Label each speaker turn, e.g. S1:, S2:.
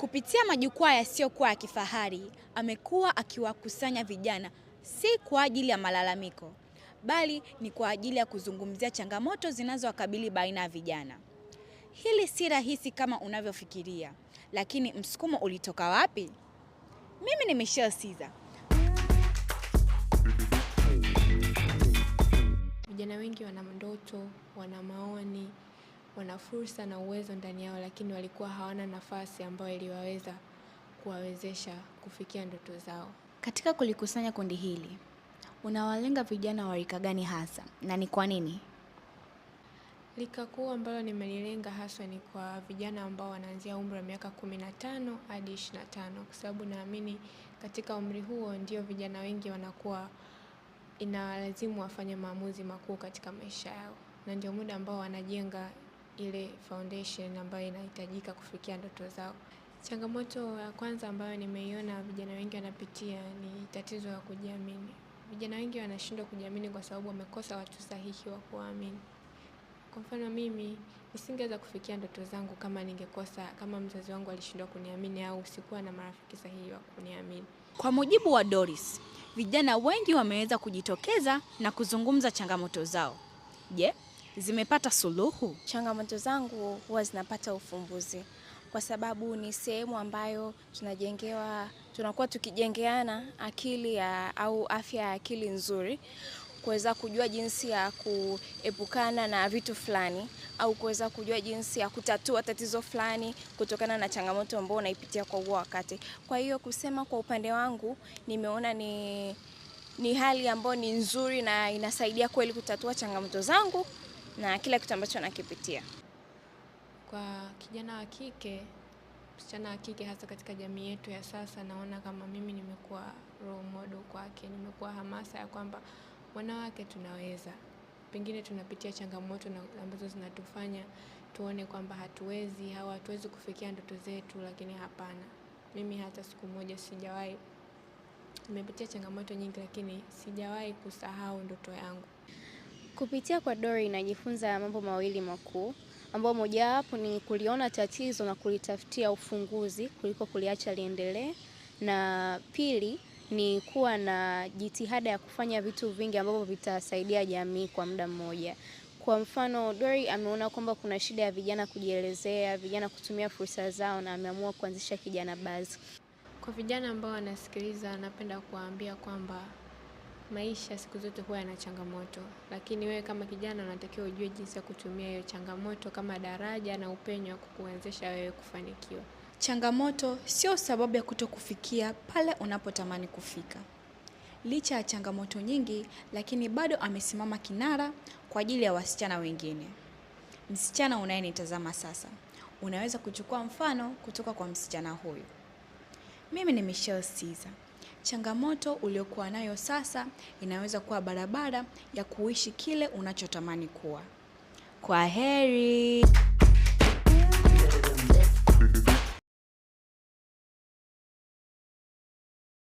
S1: Kupitia majukwaa yasiyokuwa ya kifahari, amekuwa akiwakusanya vijana si kwa ajili ya malalamiko, bali ni kwa ajili ya kuzungumzia changamoto zinazowakabili baina ya vijana. Hili si rahisi kama unavyofikiria, lakini msukumo ulitoka wapi? Mimi ni Michelle Siza.
S2: Vijana wengi wana ndoto, wana maono wana fursa na uwezo ndani yao, lakini walikuwa hawana nafasi ambayo iliwaweza kuwawezesha kufikia ndoto zao.
S1: Katika kulikusanya kundi hili, unawalenga vijana wa rika gani hasa na ni kwa nini?
S2: Rika kuu ambalo nimelilenga haswa ni kwa vijana ambao wanaanzia umri wa miaka kumi na tano hadi ishirini na tano kwa sababu naamini katika umri huo ndio vijana wengi wanakuwa inawalazimu wafanye maamuzi makuu katika maisha yao, na ndio muda ambao wanajenga ile foundation ambayo inahitajika kufikia ndoto zao. Changamoto ya kwanza ambayo nimeiona vijana wengi wanapitia ni tatizo la kujiamini. Vijana wengi wanashindwa kujiamini kwa sababu wamekosa watu sahihi wa kuwaamini. Kwa mfano mimi nisingeweza kufikia ndoto zangu kama ningekosa kama mzazi wangu alishindwa kuniamini au sikuwa na marafiki sahihi wa kuniamini.
S1: Kwa mujibu wa Doris, vijana wengi wameweza kujitokeza na kuzungumza changamoto zao. Je, yeah zimepata suluhu?
S3: Changamoto zangu huwa zinapata ufumbuzi kwa sababu ni sehemu ambayo tunajengewa, tunakuwa tukijengeana akili ya, au afya ya akili nzuri kuweza kujua jinsi ya kuepukana na vitu fulani au kuweza kujua jinsi ya kutatua tatizo fulani kutokana na changamoto ambayo unaipitia kwa huo wakati. Kwa hiyo kusema kwa upande wangu, nimeona ni, ni hali ambayo ni nzuri na inasaidia kweli kutatua changamoto zangu na kila kitu ambacho anakipitia.
S2: Kwa kijana wa kike, msichana wa kike, hasa katika jamii yetu ya sasa, naona kama mimi nimekuwa role model kwake, nimekuwa hamasa ya kwamba wanawake tunaweza, pengine tunapitia changamoto na ambazo zinatufanya tuone kwamba hatuwezi au hatuwezi kufikia ndoto zetu, lakini hapana, mimi hata siku moja sijawahi nimepitia changamoto nyingi, lakini sijawahi kusahau ndoto yangu.
S4: Kupitia kwa Dori najifunza mambo mawili makuu ambayo mojawapo ni kuliona tatizo na kulitafutia ufunguzi kuliko kuliacha liendelee, na pili ni kuwa na jitihada ya kufanya vitu vingi ambavyo vitasaidia jamii kwa muda mmoja. Kwa mfano, Dori ameona kwamba kuna shida ya vijana kujielezea, vijana kutumia fursa zao na ameamua kuanzisha Kijana Buzz.
S2: Kwa vijana ambao wanasikiliza, napenda kuwaambia kwamba Maisha siku zote huwa yana changamoto, lakini wewe kama kijana unatakiwa ujue jinsi ya kutumia hiyo changamoto kama daraja na upenyo wa kukuwezesha wewe kufanikiwa.
S1: Changamoto sio sababu ya kutokufikia pale unapotamani kufika. Licha ya changamoto nyingi, lakini bado amesimama kinara kwa ajili ya wasichana wengine. Msichana unayenitazama sasa, unaweza kuchukua mfano kutoka kwa msichana huyu. Mimi ni Michelle Caesar changamoto uliokuwa nayo sasa inaweza kuwa barabara ya kuishi kile unachotamani kuwa. Kwa heri.